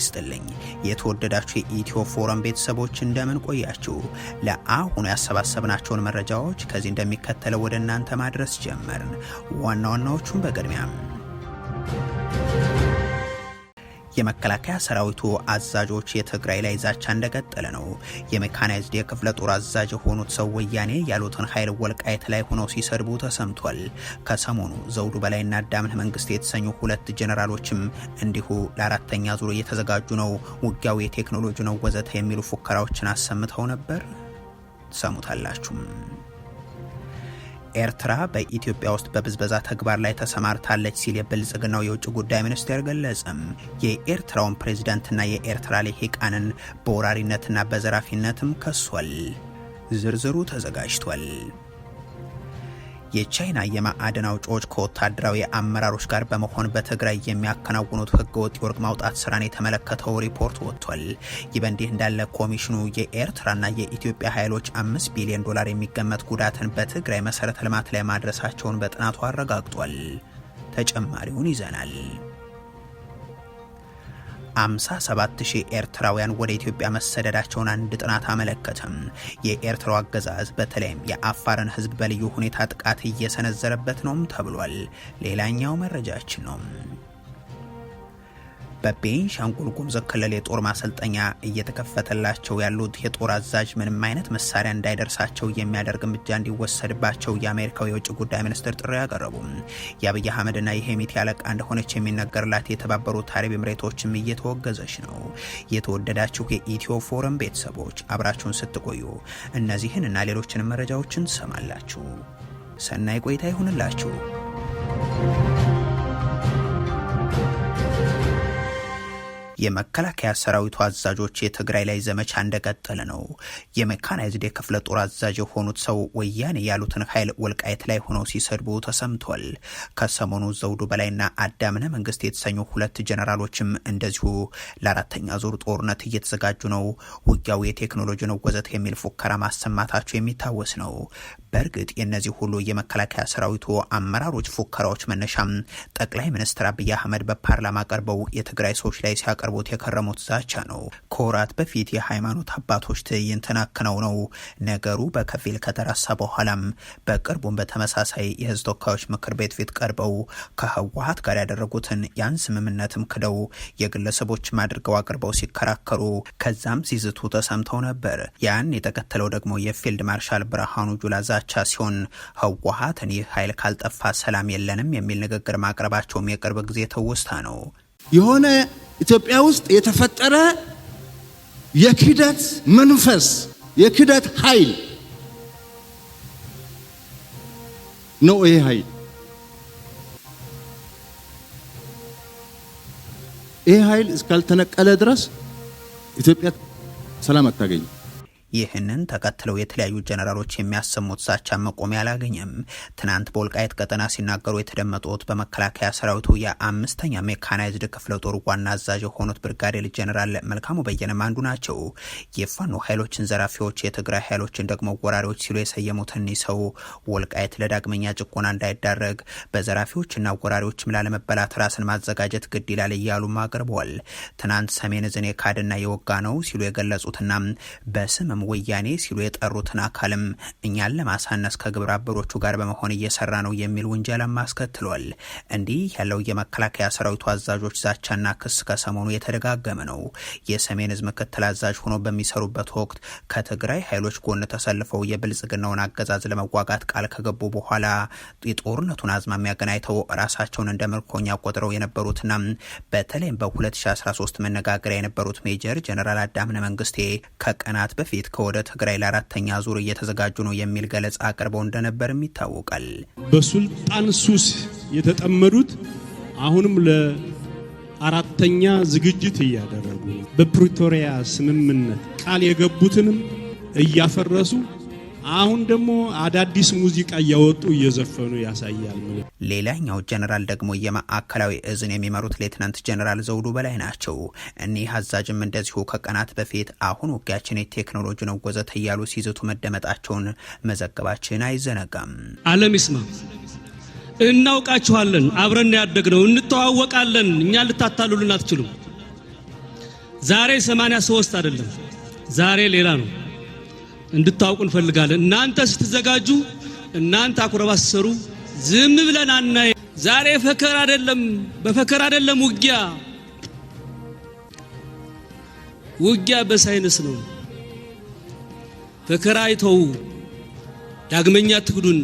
ይስጥልኝ። የተወደዳችሁ የኢትዮ ፎረም ቤተሰቦች እንደምን ቆያችሁ? ለአሁኑ ያሰባሰብናቸውን መረጃዎች ከዚህ እንደሚከተለው ወደ እናንተ ማድረስ ጀመርን። ዋና ዋናዎቹን በቅድሚያም የመከላከያ ሰራዊቱ አዛዦች የትግራይ ላይ ዛቻ እንደቀጠለ ነው። የሜካናይዝድ የክፍለ ጦር አዛዥ የሆኑት ሰው ወያኔ ያሉትን ኃይል ወልቃይት ላይ ሆነው ሲሰድቡ ተሰምቷል። ከሰሞኑ ዘውዱ በላይና ዳምነ መንግስት የተሰኙ ሁለት ጀኔራሎችም እንዲሁ ለአራተኛ ዙር እየተዘጋጁ ነው፣ ውጊያው የቴክኖሎጂ ነው ወዘተ የሚሉ ፉከራዎችን አሰምተው ነበር። ሰሙታላችሁም። ኤርትራ በኢትዮጵያ ውስጥ በብዝበዛ ተግባር ላይ ተሰማርታለች ሲል የብልጽግናው የውጭ ጉዳይ ሚኒስቴር ገለጸም። የኤርትራውን ፕሬዝዳንትና የኤርትራ ልሂቃንን በወራሪነትና በዘራፊነትም ከሷል። ዝርዝሩ ተዘጋጅቷል። የቻይና የማዕድን አውጪዎች ከወታደራዊ አመራሮች ጋር በመሆን በትግራይ የሚያከናውኑት ህገወጥ የወርቅ ማውጣት ስራን የተመለከተው ሪፖርት ወጥቷል። ይህ በእንዲህ እንዳለ ኮሚሽኑ የኤርትራና የኢትዮጵያ ኃይሎች አምስት ቢሊዮን ዶላር የሚገመት ጉዳትን በትግራይ መሰረተ ልማት ላይ ማድረሳቸውን በጥናቱ አረጋግጧል። ተጨማሪውን ይዘናል። ሺህ ኤርትራውያን ወደ ኢትዮጵያ መሰደዳቸውን አንድ ጥናት አመለከተም። የኤርትራው አገዛዝ በተለይም የአፋርን ህዝብ በልዩ ሁኔታ ጥቃት እየሰነዘረበት ነውም ተብሏል። ሌላኛው መረጃችን ነው። በቤንሻንጉል ጉሙዝ ክልል የጦር ማሰልጠኛ እየተከፈተላቸው ያሉት የጦር አዛዥ ምንም አይነት መሳሪያ እንዳይደርሳቸው የሚያደርግ እርምጃ እንዲወሰድባቸው የአሜሪካው የውጭ ጉዳይ ሚኒስትር ጥሪ ያቀረቡ የአብይ አህመድና የሄሚቲ አለቃ እንደሆነች የሚነገርላት የተባበሩት አረብ ኤምሬቶችም እየተወገዘች ነው። የተወደዳችሁ የኢትዮ ፎረም ቤተሰቦች አብራችሁን ስትቆዩ እነዚህን እና ሌሎችንም መረጃዎችን ትሰማላችሁ። ሰናይ ቆይታ ይሁንላችሁ። የመከላከያ ሰራዊቱ አዛዦች የትግራይ ላይ ዘመቻ እንደቀጠለ ነው። የሜካናይዝድ የክፍለ ጦር አዛዥ የሆኑት ሰው ወያኔ ያሉትን ኃይል ወልቃየት ላይ ሆነው ሲሰድቡ ተሰምቷል። ከሰሞኑ ዘውዱ በላይና አዳምነ መንግስት የተሰኙ ሁለት ጀነራሎችም እንደዚሁ ለአራተኛ ዙር ጦርነት እየተዘጋጁ ነው፣ ውጊያው የቴክኖሎጂ ነው የሚል ፉከራ ማሰማታቸው የሚታወስ ነው። በእርግጥ የእነዚህ ሁሉ የመከላከያ ሰራዊቱ አመራሮች ፉከራዎች መነሻም ጠቅላይ ሚኒስትር አብይ አህመድ በፓርላማ ቀርበው የትግራይ ሰዎች ላይ ሲያቀርቡ ሲያቀርቡት የከረሙት ዛቻ ነው። ከወራት በፊት የሃይማኖት አባቶች ተናክነው ነው ነገሩ በከፊል ከተረሳ በኋላም በቅርቡም በተመሳሳይ የህዝብ ተወካዮች ምክር ቤት ፊት ቀርበው ከህወሀት ጋር ያደረጉትን ያን ስምምነትም ክደው የግለሰቦችም አድርገው አቅርበው ሲከራከሩ ከዛም ሲዝቱ ተሰምተው ነበር። ያን የተከተለው ደግሞ የፊልድ ማርሻል ብርሃኑ ጁላ ዛቻ ሲሆን ህወሀት እኒህ ኃይል ካልጠፋ ሰላም የለንም የሚል ንግግር ማቅረባቸውም የቅርብ ጊዜ ትውስታ ነው። የሆነ ኢትዮጵያ ውስጥ የተፈጠረ የክደት መንፈስ የክደት ኃይል ነው። ይሄ ኃይል ይሄ ኃይል እስካልተነቀለ ድረስ ኢትዮጵያ ሰላም አታገኝም። ይህንን ተከትለው የተለያዩ ጀነራሎች የሚያሰሙት ዛቻ መቆሚያ አላገኘም። ትናንት በወልቃየት ቀጠና ሲናገሩ የተደመጡት በመከላከያ ሰራዊቱ የአምስተኛ ሜካናይዝድ ክፍለ ጦር ዋና አዛዥ የሆኑት ብርጋዴር ጀነራል መልካሙ በየነም አንዱ ናቸው። የፋኖ ኃይሎችን ዘራፊዎች፣ የትግራይ ኃይሎችን ደግሞ ወራሪዎች ሲሉ የሰየሙት እኒህ ሰው ወልቃየት ለዳግመኛ ጭቆና እንዳይዳረግ በዘራፊዎችና ወራሪዎችም ላለመበላት ራስን ማዘጋጀት ግድ ይላል እያሉም አቅርበዋል። ትናንት ሰሜን እዝን የካድና የወጋ ነው ሲሉ የገለጹትና በስም እናም ወያኔ ሲሉ የጠሩትን አካልም እኛን ለማሳነስ ከግብረ አበሮቹ ጋር በመሆን እየሰራ ነው የሚል ውንጀላም አስከትሏል። እንዲህ ያለው የመከላከያ ሰራዊቱ አዛዦች ዛቻና ክስ ከሰሞኑ የተደጋገመ ነው። የሰሜን ህዝ ምክትል አዛዥ ሆኖ በሚሰሩበት ወቅት ከትግራይ ኃይሎች ጎን ተሰልፈው የብልጽግናውን አገዛዝ ለመዋጋት ቃል ከገቡ በኋላ የጦርነቱን አዝማሚያ ገናይተው ራሳቸውን እንደ ምርኮኛ ቆጥረው የነበሩትና በተለይም በ2013 መነጋገሪያ የነበሩት ሜጀር ጀነራል አዳምነ መንግስቴ ከቀናት በፊት ከወደ ትግራይ ለአራተኛ ዙር እየተዘጋጁ ነው የሚል ገለጻ አቅርበው እንደነበርም ይታወቃል። በሱልጣን ሱስ የተጠመዱት አሁንም ለአራተኛ ዝግጅት እያደረጉ ነው። በፕሪቶሪያ ስምምነት ቃል የገቡትንም እያፈረሱ አሁን ደግሞ አዳዲስ ሙዚቃ እያወጡ እየዘፈኑ ያሳያል። ሌላኛው ጀነራል ደግሞ የማዕከላዊ እዝን የሚመሩት ሌትናንት ጀነራል ዘውዱ በላይ ናቸው። እኒህ አዛዥም እንደዚሁ ከቀናት በፊት አሁን ውጊያችን የቴክኖሎጂ ነው ወዘተ እያሉ ሲዝቱ መደመጣቸውን መዘገባችን አይዘነጋም። አለም ይስማ። እናውቃችኋለን፣ አብረን ያደግነው፣ እንተዋወቃለን። እኛ ልታታሉልን አትችሉም። ዛሬ 83 አይደለም፣ ዛሬ ሌላ ነው። እንድታውቁ እንፈልጋለን። እናንተ ስትዘጋጁ፣ እናንተ አኩረባሰሩ ዝም ብለን አናይ። ዛሬ ፈከር አይደለም፣ በፈከር አይደለም ውጊያ ውጊያ በሳይንስ ነው። ፈከራ አይተው ዳግመኛ ትግዱን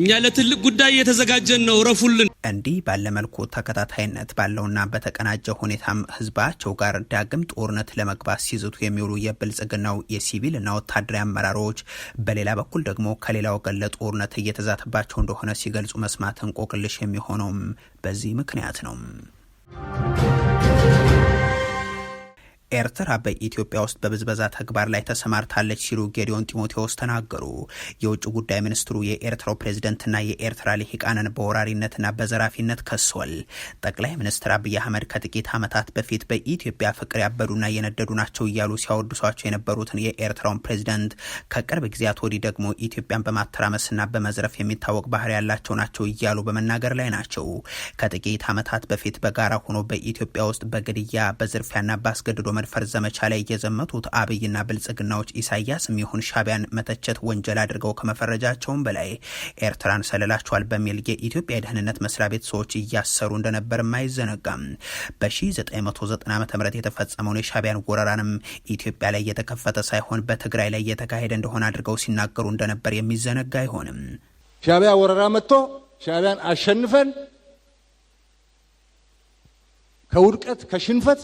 እኛ ለትልቅ ጉዳይ የተዘጋጀን ነው ረፉልን። እንዲህ ባለመልኩ ተከታታይነት ባለውና በተቀናጀ ሁኔታም ህዝባቸው ጋር ዳግም ጦርነት ለመግባት ሲዝቱ የሚውሉ የብልጽግናው የሲቪልና ወታደራዊ አመራሮች በሌላ በኩል ደግሞ ከሌላ ወገን ለጦርነት እየተዛተባቸው እንደሆነ ሲገልጹ መስማት እንቆቅልሽ የሚሆነውም በዚህ ምክንያት ነው። ኤርትራ በኢትዮጵያ ውስጥ በብዝበዛ ተግባር ላይ ተሰማርታለች ሲሉ ጌዲዮን ጢሞቴዎስ ተናገሩ። የውጭ ጉዳይ ሚኒስትሩ የኤርትራው ፕሬዝደንትና የኤርትራ ልሂቃንን በወራሪነትና በዘራፊነት ከሷል። ጠቅላይ ሚኒስትር አብይ አህመድ ከጥቂት ዓመታት በፊት በኢትዮጵያ ፍቅር ያበዱና የነደዱ ናቸው እያሉ ሲያወድሷቸው የነበሩትን የኤርትራውን ፕሬዝደንት ከቅርብ ጊዜያት ወዲህ ደግሞ ኢትዮጵያን በማተራመስና በመዝረፍ የሚታወቅ ባህሪ ያላቸው ናቸው እያሉ በመናገር ላይ ናቸው። ከጥቂት ዓመታት በፊት በጋራ ሆኖ በኢትዮጵያ ውስጥ በግድያ በዝርፊያና በአስገድዶ የመድፈር ዘመቻ ላይ የዘመቱት አብይና ብልጽግናዎች ኢሳያስም ይሁን ሻቢያን መተቸት ወንጀል አድርገው ከመፈረጃቸውም በላይ ኤርትራን ሰልላቸዋል በሚል የኢትዮጵያ የደህንነት መስሪያ ቤት ሰዎች እያሰሩ እንደነበርም አይዘነጋም። በ1990 ዓ ም የተፈጸመውን የሻቢያን ወረራንም ኢትዮጵያ ላይ የተከፈተ ሳይሆን በትግራይ ላይ እየተካሄደ እንደሆነ አድርገው ሲናገሩ እንደነበር የሚዘነጋ አይሆንም። ሻቢያ ወረራ መጥቶ ሻቢያን አሸንፈን ከውድቀት ከሽንፈት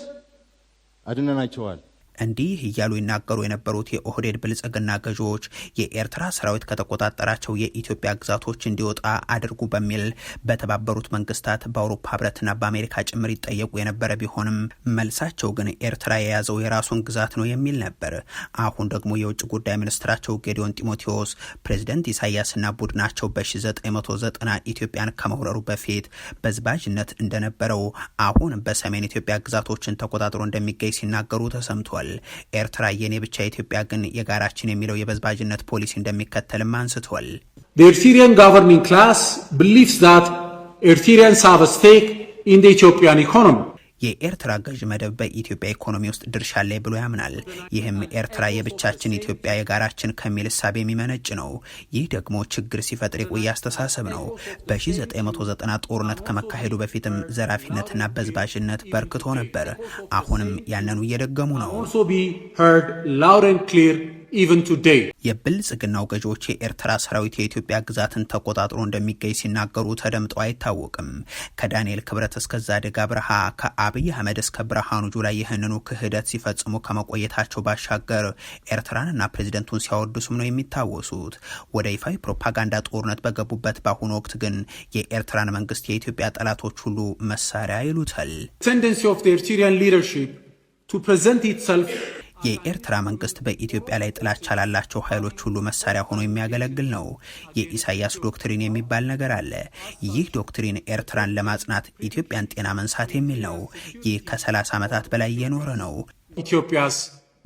አድነናቸዋል። እንዲህ እያሉ ይናገሩ የነበሩት የኦህዴድ ብልጽግና ገዢዎች የኤርትራ ሰራዊት ከተቆጣጠራቸው የኢትዮጵያ ግዛቶች እንዲወጣ አድርጉ በሚል በተባበሩት መንግስታት በአውሮፓ ህብረትና በአሜሪካ ጭምር ይጠየቁ የነበረ ቢሆንም መልሳቸው ግን ኤርትራ የያዘው የራሱን ግዛት ነው የሚል ነበር። አሁን ደግሞ የውጭ ጉዳይ ሚኒስትራቸው ጌዲዮን ጢሞቴዎስ ፕሬዚደንት ኢሳያስና ቡድናቸው በ1990 ኢትዮጵያን ከመውረሩ በፊት በዝባዥነት እንደነበረው አሁን በሰሜን ኢትዮጵያ ግዛቶችን ተቆጣጥሮ እንደሚገኝ ሲናገሩ ተሰምቷል። አስታውቋል። ኤርትራ የኔ ብቻ ኢትዮጵያ ግን የጋራችን የሚለው የበዝባዥነት ፖሊሲ እንደሚከተልም አንስቷል። ኤርትሪያን ጋቨርኒንግ ክላስ ብሊቭስ ዛት ኤርትሪያንስ ሃቭ ኤ ስቴክ ኢን ኢትዮጵያን ኢኮኖሚ የኤርትራ ገዥ መደብ በኢትዮጵያ ኢኮኖሚ ውስጥ ድርሻ ላይ ብሎ ያምናል። ይህም ኤርትራ የብቻችን ኢትዮጵያ የጋራችን ከሚል እሳቤ የሚመነጭ ነው። ይህ ደግሞ ችግር ሲፈጥር የቆየ አስተሳሰብ ነው። በ1990 ጦርነት ከመካሄዱ በፊትም ዘራፊነትና በዝባዥነት በርክቶ ነበር። አሁንም ያንኑ እየደገሙ ነው። የብልጽግናው ገዢዎች የኤርትራ ሰራዊት የኢትዮጵያ ግዛትን ተቆጣጥሮ እንደሚገኝ ሲናገሩ ተደምጠው አይታወቅም። ከዳንኤል ክብረት እስከ ዛዲግ አብርሃ፣ ከአብይ አህመድ እስከ ብርሃኑ ጁላ ይህንኑ ክህደት ሲፈጽሙ ከመቆየታቸው ባሻገር ኤርትራንና ፕሬዚደንቱን ሲያወድሱም ነው የሚታወሱት። ወደ ይፋዊ ፕሮፓጋንዳ ጦርነት በገቡበት በአሁኑ ወቅት ግን የኤርትራን መንግስት የኢትዮጵያ ጠላቶች ሁሉ መሳሪያ ይሉታል። የኤርትራ መንግስት በኢትዮጵያ ላይ ጥላቻ ላላቸው ኃይሎች ሁሉ መሳሪያ ሆኖ የሚያገለግል ነው። የኢሳያስ ዶክትሪን የሚባል ነገር አለ። ይህ ዶክትሪን ኤርትራን ለማጽናት ኢትዮጵያን ጤና መንሳት የሚል ነው። ይህ ከ30 ዓመታት በላይ የኖረ ነው። ኢትዮጵያስ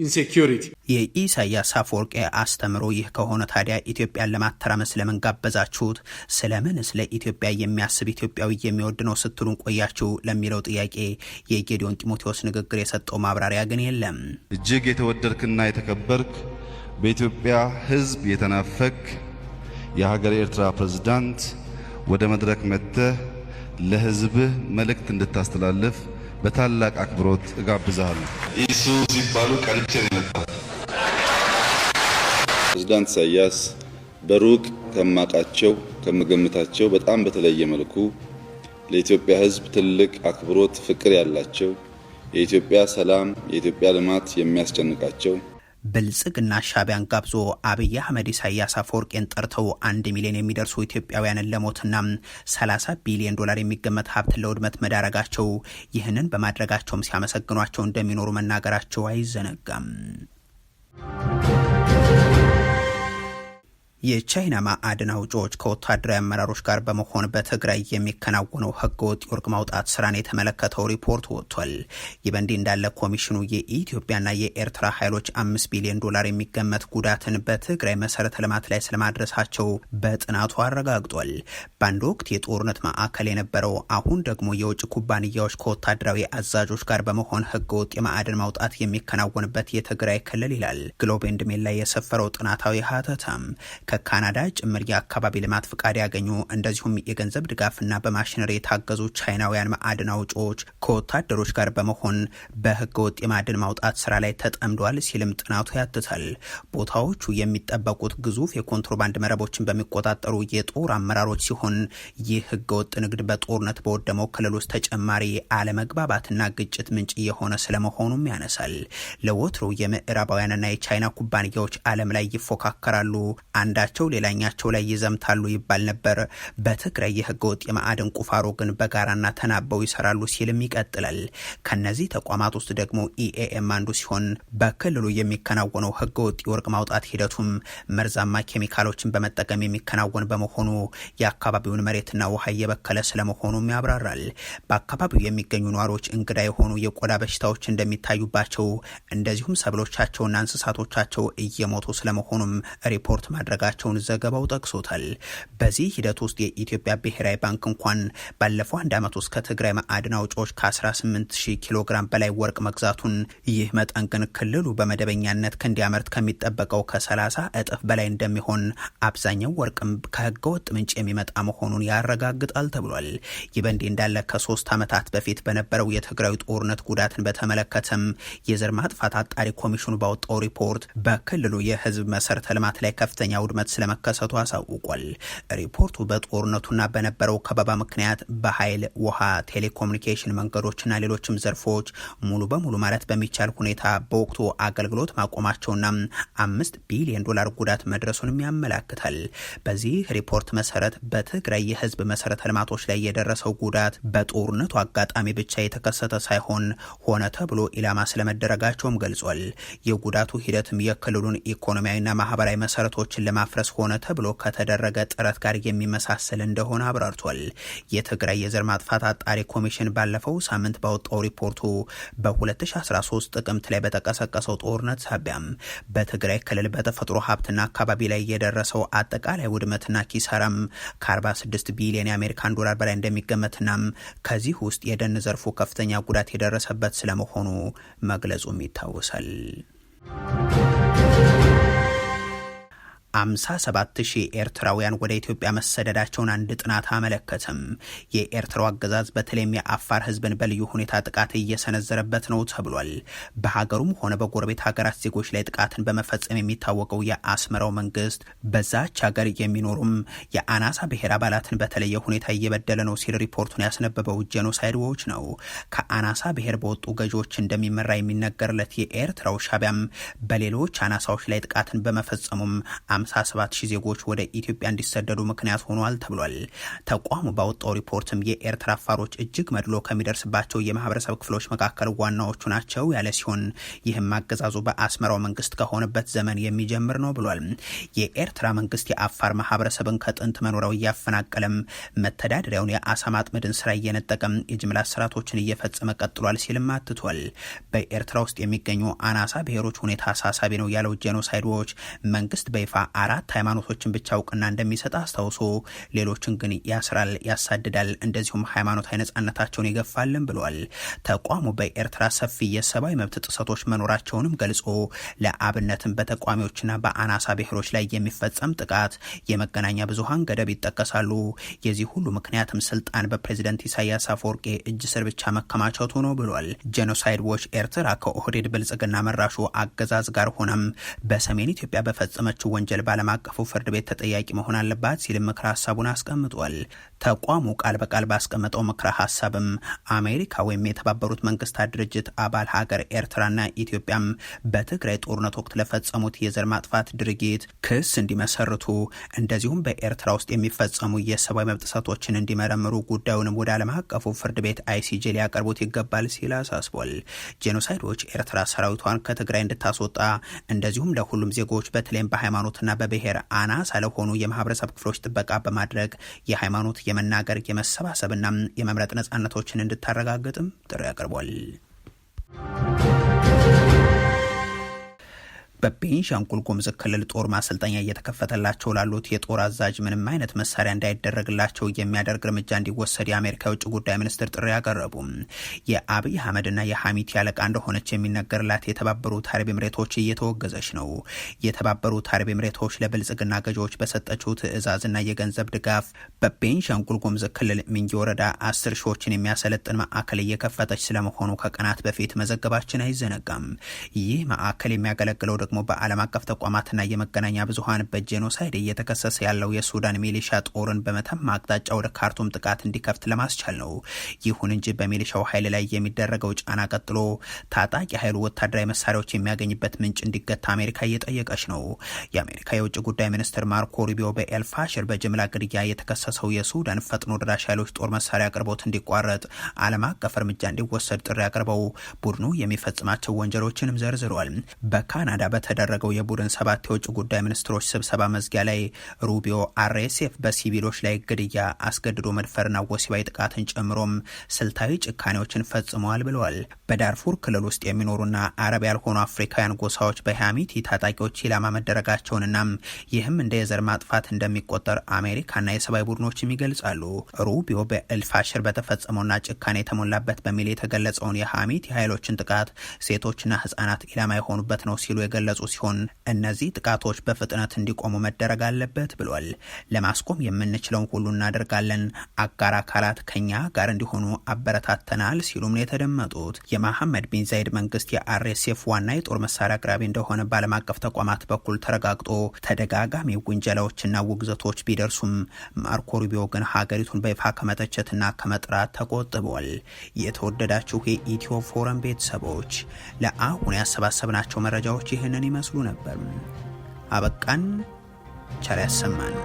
ኢንሴኪሪቲ የኢሳያስ አፈወርቂ አስተምሮ ይህ ከሆነ ታዲያ ኢትዮጵያን ለማተራመስ ለምን ጋበዛችሁት? ስለምን ስለ ኢትዮጵያ የሚያስብ ኢትዮጵያዊ የሚወድ ነው ስትሉን ቆያችሁ ለሚለው ጥያቄ የጌዲዮን ጢሞቴዎስ ንግግር የሰጠው ማብራሪያ ግን የለም። እጅግ የተወደድክና የተከበርክ በኢትዮጵያ ሕዝብ የተናፈክ የሀገር ኤርትራ ፕሬዝዳንት ወደ መድረክ መጥተህ ለሕዝብህ መልእክት እንድታስተላልፍ በታላቅ አክብሮት እጋብዛሉ። ኢሱ ሲባሉ ቀልቼ ነበር። ፕሬዝዳንት ኢሳያስ በሩቅ ከማቃቸው ከምገምታቸው በጣም በተለየ መልኩ ለኢትዮጵያ ሕዝብ ትልቅ አክብሮት፣ ፍቅር ያላቸው የኢትዮጵያ ሰላም፣ የኢትዮጵያ ልማት የሚያስጨንቃቸው ብልጽግና ሻቢያን ጋብዞ አብይ አህመድ ኢሳያስ አፈወርቄን ጠርተው አንድ ሚሊዮን የሚደርሱ ኢትዮጵያውያንን ለሞትና 30 ቢሊዮን ዶላር የሚገመት ሀብት ለውድመት መዳረጋቸው ይህንን በማድረጋቸውም ሲያመሰግኗቸው እንደሚኖሩ መናገራቸው አይዘነጋም። የቻይና ማዕድን አውጪዎች ከወታደራዊ አመራሮች ጋር በመሆን በትግራይ የሚከናወነው ህገወጥ የወርቅ ማውጣት ስራን የተመለከተው ሪፖርት ወጥቷል። ይህ በእንዲህ እንዳለ ኮሚሽኑ የኢትዮጵያና የኤርትራ ኃይሎች አምስት ቢሊዮን ዶላር የሚገመት ጉዳትን በትግራይ መሰረተ ልማት ላይ ስለማድረሳቸው በጥናቱ አረጋግጧል። በአንድ ወቅት የጦርነት ማዕከል የነበረው አሁን ደግሞ የውጭ ኩባንያዎች ከወታደራዊ አዛዦች ጋር በመሆን ህገወጥ የማዕድን ማውጣት የሚከናወንበት የትግራይ ክልል ይላል ግሎብ ኤንድ ሜል ላይ የሰፈረው ጥናታዊ ሀተታም ከካናዳ ጭምር የአካባቢ ልማት ፍቃድ ያገኙ እንደዚሁም የገንዘብ ድጋፍና በማሽነሪ የታገዙ ቻይናውያን ማዕድን አውጪዎች ከወታደሮች ጋር በመሆን በህገወጥ የማዕድን ማውጣት ስራ ላይ ተጠምደል ሲልም ጥናቱ ያትታል። ቦታዎቹ የሚጠበቁት ግዙፍ የኮንትሮባንድ መረቦችን በሚቆጣጠሩ የጦር አመራሮች ሲሆን ይህ ህገወጥ ንግድ በጦርነት በወደመው ክልል ውስጥ ተጨማሪ አለመግባባትና ግጭት ምንጭ የሆነ ስለመሆኑም ያነሳል። ለወትሮ የምዕራባውያንና የቻይና ኩባንያዎች አለም ላይ ይፎካከራሉ አንዳ አንዳቸው ሌላኛቸው ላይ ይዘምታሉ ይባል ነበር። በትግራይ የህገወጥ የማዕድን ቁፋሮ ግን በጋራና ተናበው ይሰራሉ ሲልም ይቀጥላል። ከነዚህ ተቋማት ውስጥ ደግሞ ኢኤኤም አንዱ ሲሆን በክልሉ የሚከናወነው ህገወጥ የወርቅ ማውጣት ሂደቱም መርዛማ ኬሚካሎችን በመጠቀም የሚከናወን በመሆኑ የአካባቢውን መሬትና ውሃ እየበከለ ስለመሆኑም ያብራራል። በአካባቢው የሚገኙ ነዋሪዎች እንግዳ የሆኑ የቆዳ በሽታዎች እንደሚታዩባቸው እንደዚሁም ሰብሎቻቸውና እንስሳቶቻቸው እየሞቱ ስለመሆኑም ሪፖርት ማድረጋቸው መውሰዳቸውን ዘገባው ጠቅሶታል። በዚህ ሂደት ውስጥ የኢትዮጵያ ብሔራዊ ባንክ እንኳን ባለፈው አንድ ዓመት ውስጥ ከትግራይ ማዕድን አውጪዎች ከ18 ሺህ ኪሎ ግራም በላይ ወርቅ መግዛቱን፣ ይህ መጠን ግን ክልሉ በመደበኛነት እንዲያመርት ከሚጠበቀው ከ30 እጥፍ በላይ እንደሚሆን፣ አብዛኛው ወርቅም ከህገወጥ ምንጭ የሚመጣ መሆኑን ያረጋግጣል ተብሏል። ይህ በእንዲህ እንዳለ ከሶስት ዓመታት በፊት በነበረው የትግራዊ ጦርነት ጉዳትን በተመለከተም የዘር ማጥፋት አጣሪ ኮሚሽኑ ባወጣው ሪፖርት በክልሉ የህዝብ መሰረተ ልማት ላይ ከፍተኛ ውድመት ስለመከሰቱ አሳውቋል። ሪፖርቱ በጦርነቱና በነበረው ከበባ ምክንያት በኃይል ውሃ፣ ቴሌኮሙኒኬሽን፣ መንገዶችና ሌሎችም ዘርፎች ሙሉ በሙሉ ማለት በሚቻል ሁኔታ በወቅቱ አገልግሎት ማቆማቸውና አምስት ቢሊዮን ዶላር ጉዳት መድረሱንም ያመላክታል። በዚህ ሪፖርት መሰረት በትግራይ የህዝብ መሰረተ ልማቶች ላይ የደረሰው ጉዳት በጦርነቱ አጋጣሚ ብቻ የተከሰተ ሳይሆን ሆነ ተብሎ ኢላማ ስለመደረጋቸውም ገልጿል። የጉዳቱ ሂደትም የክልሉን ኢኮኖሚያዊና ማህበራዊ መሰረቶችን ለማ ለማፍረስ ሆነ ተብሎ ከተደረገ ጥረት ጋር የሚመሳሰል እንደሆነ አብራርቷል። የትግራይ የዘር ማጥፋት አጣሪ ኮሚሽን ባለፈው ሳምንት ባወጣው ሪፖርቱ በ2013 ጥቅምት ላይ በተቀሰቀሰው ጦርነት ሳቢያም በትግራይ ክልል በተፈጥሮ ሀብትና አካባቢ ላይ የደረሰው አጠቃላይ ውድመትና ኪሳራም ከ46 ቢሊዮን የአሜሪካን ዶላር በላይ እንደሚገመትናም ከዚህ ውስጥ የደን ዘርፉ ከፍተኛ ጉዳት የደረሰበት ስለመሆኑ መግለጹም ይታወሳል። ሺህ ኤርትራውያን ወደ ኢትዮጵያ መሰደዳቸውን አንድ ጥናት አመለከትም። የኤርትራው አገዛዝ በተለይም የአፋር ህዝብን በልዩ ሁኔታ ጥቃት እየሰነዘረበት ነው ተብሏል። በሀገሩም ሆነ በጎረቤት ሀገራት ዜጎች ላይ ጥቃትን በመፈጸም የሚታወቀው የአስመራው መንግስት በዛች ሀገር የሚኖሩም የአናሳ ብሔር አባላትን በተለየ ሁኔታ እየበደለ ነው ሲል ሪፖርቱን ያስነበበው ጄኖሳይድ ዎች ነው። ከአናሳ ብሔር በወጡ ገዢዎች እንደሚመራ የሚነገርለት የኤርትራው ሻቢያም በሌሎች አናሳዎች ላይ ጥቃትን በመፈጸሙም 57 ዜጎች ወደ ኢትዮጵያ እንዲሰደዱ ምክንያት ሆኗል ተብሏል። ተቋሙ ባወጣው ሪፖርትም የኤርትራ አፋሮች እጅግ መድሎ ከሚደርስባቸው የማህበረሰብ ክፍሎች መካከል ዋናዎቹ ናቸው ያለ ሲሆን ይህም አገዛዙ በአስመራው መንግስት ከሆነበት ዘመን የሚጀምር ነው ብሏል። የኤርትራ መንግስት የአፋር ማህበረሰብን ከጥንት መኖሪያው እያፈናቀለም መተዳደሪያውን የአሳ ማጥመድን ስራ እየነጠቀም የጅምላ ስራቶችን እየፈጸመ ቀጥሏል ሲልም አትቷል። በኤርትራ ውስጥ የሚገኙ አናሳ ብሔሮች ሁኔታ አሳሳቢ ነው ያለው ጄኖሳይድ ዎች መንግስት በይፋ አራት ሃይማኖቶችን ብቻ እውቅና እንደሚሰጥ አስታውሶ ሌሎችን ግን ያስራል፣ ያሳድዳል፣ እንደዚሁም ሃይማኖታዊ ነጻነታቸውን ይገፋልን ብሏል። ተቋሙ በኤርትራ ሰፊ የሰብአዊ መብት ጥሰቶች መኖራቸውንም ገልጾ ለአብነትም በተቋሚዎችና በአናሳ ብሔሮች ላይ የሚፈጸም ጥቃት፣ የመገናኛ ብዙሀን ገደብ ይጠቀሳሉ። የዚህ ሁሉ ምክንያትም ስልጣን በፕሬዚደንት ኢሳያስ አፈወርቄ እጅ ስር ብቻ መከማቸቱ ነው ብሏል። ጄኖሳይድ ዎች ኤርትራ ከኦህዴድ ብልጽግና መራሹ አገዛዝ ጋር ሆነም በሰሜን ኢትዮጵያ በፈጸመችው ወንጀል በዓለም አቀፉ ፍርድ ቤት ተጠያቂ መሆን አለባት ሲልም ምክረ ሀሳቡን አስቀምጧል። ተቋሙ ቃል በቃል ባስቀመጠው ምክረ ሀሳብም አሜሪካ ወይም የተባበሩት መንግስታት ድርጅት አባል ሀገር ኤርትራና ኢትዮጵያም በትግራይ ጦርነት ወቅት ለፈጸሙት የዘር ማጥፋት ድርጊት ክስ እንዲመሰርቱ እንደዚሁም በኤርትራ ውስጥ የሚፈጸሙ የሰብአዊ መብት ጥሰቶችን እንዲመረምሩ ጉዳዩንም ወደ ዓለም አቀፉ ፍርድ ቤት አይሲጂ ሊያቀርቡት ይገባል ሲል አሳስቧል። ጄኖሳይዶች ኤርትራ ሰራዊቷን ከትግራይ እንድታስወጣ እንደዚሁም ለሁሉም ዜጎች በተለይም በሃይማኖትና በብሔር አናሳ ለሆኑ የማህበረሰብ ክፍሎች ጥበቃ በማድረግ የሃይማኖት የመናገር የመሰባሰብና የመምረጥ ነጻነቶችን እንድታረጋግጥም ጥሪ አቅርቧል። በቤንሻንጉል ጉሙዝ ክልል ጦር ማሰልጠኛ እየተከፈተላቸው ላሉት የጦር አዛዥ ምንም አይነት መሳሪያ እንዳይደረግላቸው የሚያደርግ እርምጃ እንዲወሰድ የአሜሪካ የውጭ ጉዳይ ሚኒስትር ጥሪ አቀረቡ። የአብይ አህመድና የሐሚቲ አለቃ እንደሆነች የሚነገርላት የተባበሩት አረብ ኤምሬቶች እየተወገዘች ነው። የተባበሩት አረብ ኤምሬቶች ለብልጽግና ገዢዎች በሰጠችው ትዕዛዝና የገንዘብ ድጋፍ በቤንሻንጉል ጉሙዝ ክልል ሚንጊ ወረዳ አስር ሺዎችን የሚያሰለጥን ማዕከል እየከፈተች ስለመሆኑ ከቀናት በፊት መዘገባችን አይዘነጋም። ይህ ማዕከል የሚያገለግለው ደግሞ በዓለም አቀፍ ተቋማትና የመገናኛ ብዙሀን በጄኖሳይድ እየተከሰሰ ያለው የሱዳን ሚሊሻ ጦርን በመተማ አቅጣጫ ወደ ካርቱም ጥቃት እንዲከፍት ለማስቻል ነው። ይሁን እንጂ በሚሊሻው ኃይል ላይ የሚደረገው ጫና ቀጥሎ ታጣቂ ኃይሉ ወታደራዊ መሳሪያዎች የሚያገኝበት ምንጭ እንዲገታ አሜሪካ እየጠየቀች ነው። የአሜሪካ የውጭ ጉዳይ ሚኒስትር ማርኮ ሩቢዮ በኤልፋሽር በጅምላ ግድያ የተከሰሰው የሱዳን ፈጥኖ ደራሽ ኃይሎች ጦር መሳሪያ አቅርቦት እንዲቋረጥ ዓለም አቀፍ እርምጃ እንዲወሰድ ጥሪ አቅርበው ቡድኑ የሚፈጽማቸው ወንጀሎችንም ዘርዝሯል። በካናዳ በተደረገው የቡድን ሰባት የውጭ ጉዳይ ሚኒስትሮች ስብሰባ መዝጊያ ላይ ሩቢዮ አርኤስኤፍ በሲቪሎች ላይ ግድያ፣ አስገድዶ መድፈርና ወሲባዊ ጥቃትን ጨምሮም ስልታዊ ጭካኔዎችን ፈጽመዋል ብለዋል። በዳርፉር ክልል ውስጥ የሚኖሩና አረብ ያልሆኑ አፍሪካውያን ጎሳዎች በሐሚቲ ታጣቂዎች ኢላማ መደረጋቸውንና ይህም እንደ የዘር ማጥፋት እንደሚቆጠር አሜሪካና የሰብአዊ ቡድኖችም ይገልጻሉ። ሩቢዮ በኤልፋሽር በተፈጸመውና ጭካኔ የተሞላበት በሚል የተገለጸውን የሐሚቲ ኃይሎችን ጥቃት ሴቶችና ህጻናት ኢላማ የሆኑበት ነው ሲሉ የገለ የገለጹ ሲሆን እነዚህ ጥቃቶች በፍጥነት እንዲቆሙ መደረግ አለበት ብሏል። ለማስቆም የምንችለውን ሁሉ እናደርጋለን፣ አጋር አካላት ከኛ ጋር እንዲሆኑ አበረታተናል ሲሉም ነው የተደመጡት። የመሐመድ ቢን ዛይድ መንግስት የአርኤስኤፍ ዋና የጦር መሳሪያ አቅራቢ እንደሆነ በዓለም አቀፍ ተቋማት በኩል ተረጋግጦ ተደጋጋሚ ውንጀላዎችና ውግዘቶች ቢደርሱም ማርኮ ሩቢዮ ግን ሀገሪቱን በይፋ ከመተቸትና ከመጥራት ተቆጥቧል። የተወደዳችሁ የኢትዮ ፎረም ቤተሰቦች ለአሁን ያሰባሰብናቸው መረጃዎች ይህንን ይመስሉ ነበር። አበቃን። ቸር ያሰማን።